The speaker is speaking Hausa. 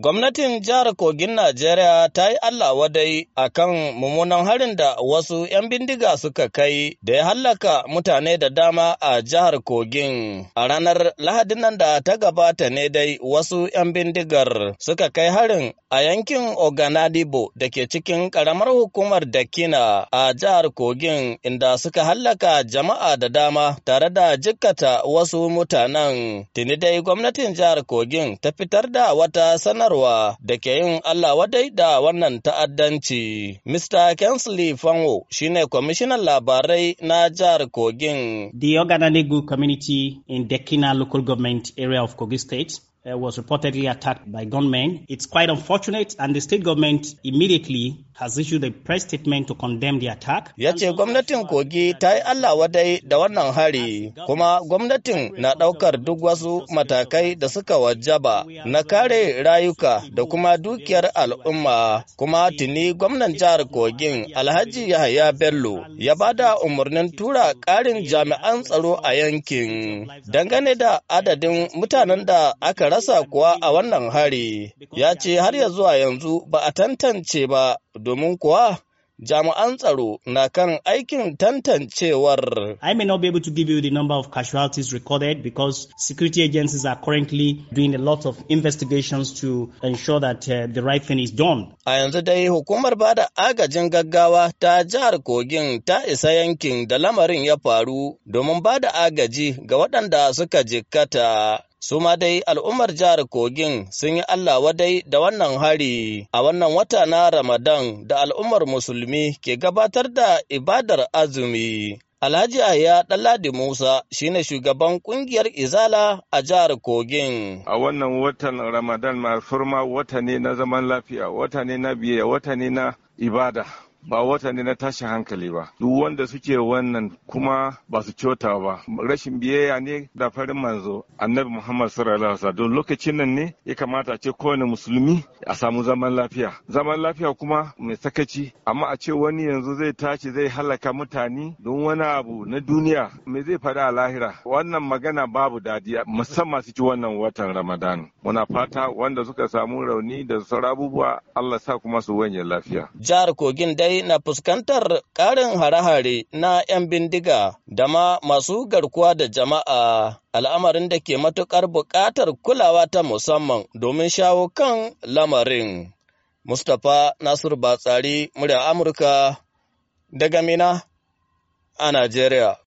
Gwamnatin jihar Kogin Najeriya ta yi Allah wadai a kan mummunan harin da wasu ‘yan bindiga suka kai da ya hallaka mutane da dama a jihar Kogin. A ranar Lahadin nan da ta gabata ne dai wasu ‘yan bindigar suka kai harin a yankin Oganadibo da ke cikin ƙaramar hukumar Dakina a jihar Kogin inda suka hallaka jama'a da dama tare da jikkata wasu mutanen. Tuni dai gwamnatin jihar Kogin ta fitar da wata sanar sanarwa da ke yin Allah wadai da wannan ta'addanci. Mr. Kensley Fanwo ne kwamishinan labarai na jihar Kogin. The Ogananegu community in Dekina local government area of Kogi state uh, was reportedly attacked by gunmen. It's quite unfortunate, and the state government immediately has issued a press statement to condemn the attack. Ya ce gwamnatin Kogi ta yi Allah wadai da wannan hari, kuma gwamnatin na ɗaukar duk wasu matakai da suka wajaba na kare rayuka da kuma dukiyar al'umma, kuma tuni gwamnan jihar Kogin Alhaji Yahaya Bello ya ba da umarnin tura ƙarin jami'an tsaro a yankin dangane da adadin mutanen da aka rasa kuwa a wannan hari ya ce har ya zuwa yanzu ba a tantance ba domin kuwa jami'an tsaro na kan aikin tantancewar. I may not be able to give you the number of casualties recorded because security agencies are currently doing a lot of investigations to ensure that uh, the right thing is done. A yanzu dai hukumar ba da agajin gaggawa ta jihar Kogin ta isa yankin da lamarin ya faru domin ba da agaji ga waɗanda suka jikkata. su ma dai al'ummar jihar kogin sun yi allah wadai da wannan hari a wannan wata na ramadan da al'ummar musulmi ke gabatar da ibadar azumi Alhaji Aya Ɗanladi Musa shine shugaban ƙungiyar Izala a jihar Kogin. A wannan watan Ramadan ma furma wata ne na zaman lafiya, wata ne na biyayya, wata ne na ibada. ba wata ne na tashi hankali ba duk wanda suke wannan kuma ba su kyauta ba rashin biyayya ne da farin manzo annabi muhammad sallallahu alaihi wasallam lokacin nan ne ya kamata a ce kowane musulmi a samu zaman lafiya zaman lafiya kuma mai sakaci amma a ce wani yanzu zai tashi zai halaka mutane don wani abu na duniya me zai faɗa a lahira wannan magana babu dadi musamman su ci wannan watan ramadan muna fata wanda suka samu rauni da sauran abubuwa allah sa kuma su wanye lafiya jihar kogin dai dai na fuskantar ƙarin hare-hare na 'yan bindiga da ma masu garkuwa da jama'a al'amarin da ke matuƙar buƙatar kulawa ta musamman domin shawo kan lamarin. Mustapha Nasiru Batsari, murya Amurka, daga Mina a Najeriya.